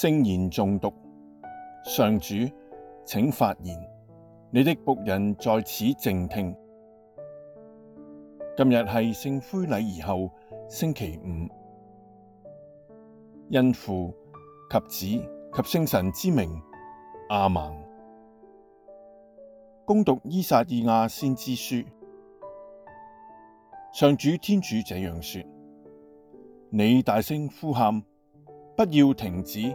聖言誦讀，上主，請發言，你的僕人在此靜聽。今日係聖灰禮儀後星期五，因父及子及聖神之名，阿門。恭讀《依撒意亞先知書》，上主天主這樣說：你大聲呼喊，不要停止。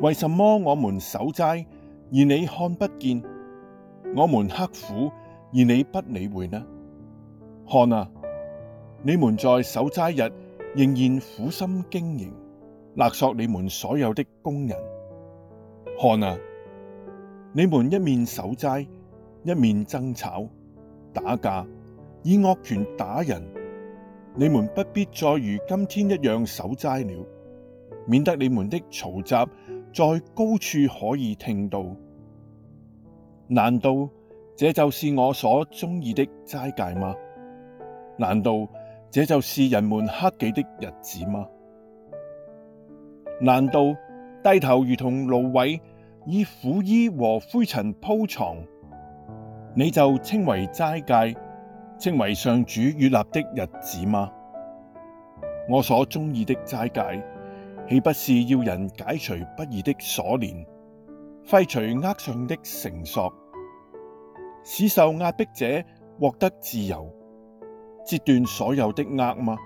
為什麼我們守齋而你看不見？我們刻苦而你不理會呢？看啊，你們在守齋日仍然苦心經營，勒索你們所有的工人。看啊，你們一面守齋，一面爭吵、打架，以惡拳打人。你們不必再如今天一樣守齋了，免得你們的嘈雜。在高處可以聽到，難道這就是我所中意的齋戒嗎？難道這就是人們克己的日子嗎？難道低頭如同蘆葦，以苦衣和灰塵鋪床，你就稱為齋戒，稱為上主悅納的日子嗎？我所中意的齋戒。豈不是要人解除不義的鎖鏈，廢除軛上的繩索，使受壓迫者獲得自由，折斷所有的軛嗎？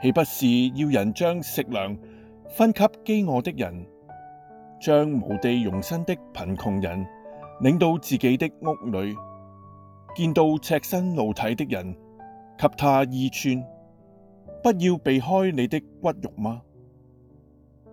豈不是要人將食糧分給飢餓的人，將無地容身的貧窮人領到自己的屋裏，見到赤身露體的人給他衣穿，不要避開你的骨肉嗎？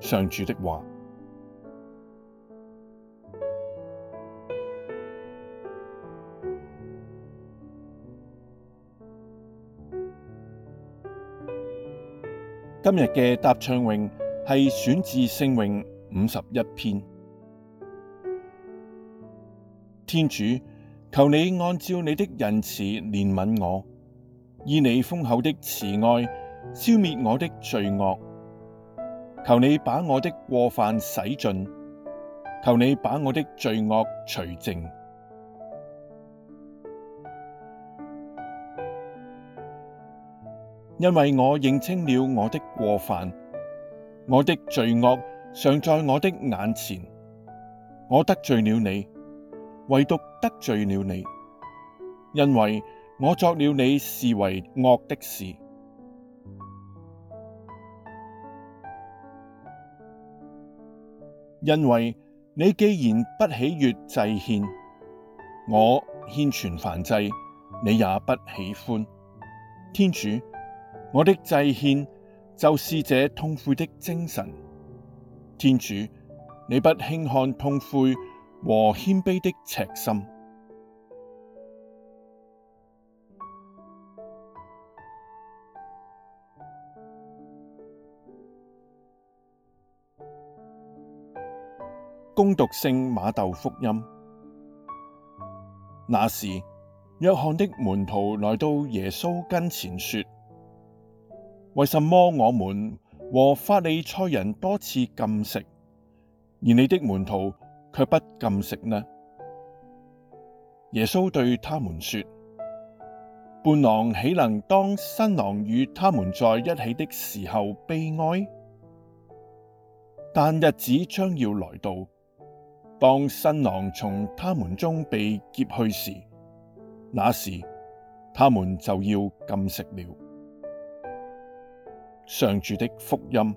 上主的話。今日嘅答唱詠係選自聖詠五十一篇。天主，求你按照你的仁慈憐憫我，以你豐厚的慈愛消滅我的罪惡。求你把我的過犯洗盡，求你把我的罪惡除淨，因為我認清了我的過犯，我的罪惡常在我的眼前，我得罪了你，唯獨得罪了你，因為我作了你視為惡的事。因為你既然不喜悅祭獻，我獻全燔祭，你也不喜歡。天主，我的祭獻就是這痛悔的精神。天主，你不輕看痛悔和謙卑的赤心。恭讀聖瑪竇福音。那時，若翰的門徒來到耶穌跟前說：為什麼我們和法利塞人多次禁食，而你的門徒卻不禁食呢？耶穌對他們說：伴郎豈能當新郎與他們在一起的時候悲哀？但日子將要來到。當新郎從他們中被劫去時，那時他們就要禁食了。上主的福音。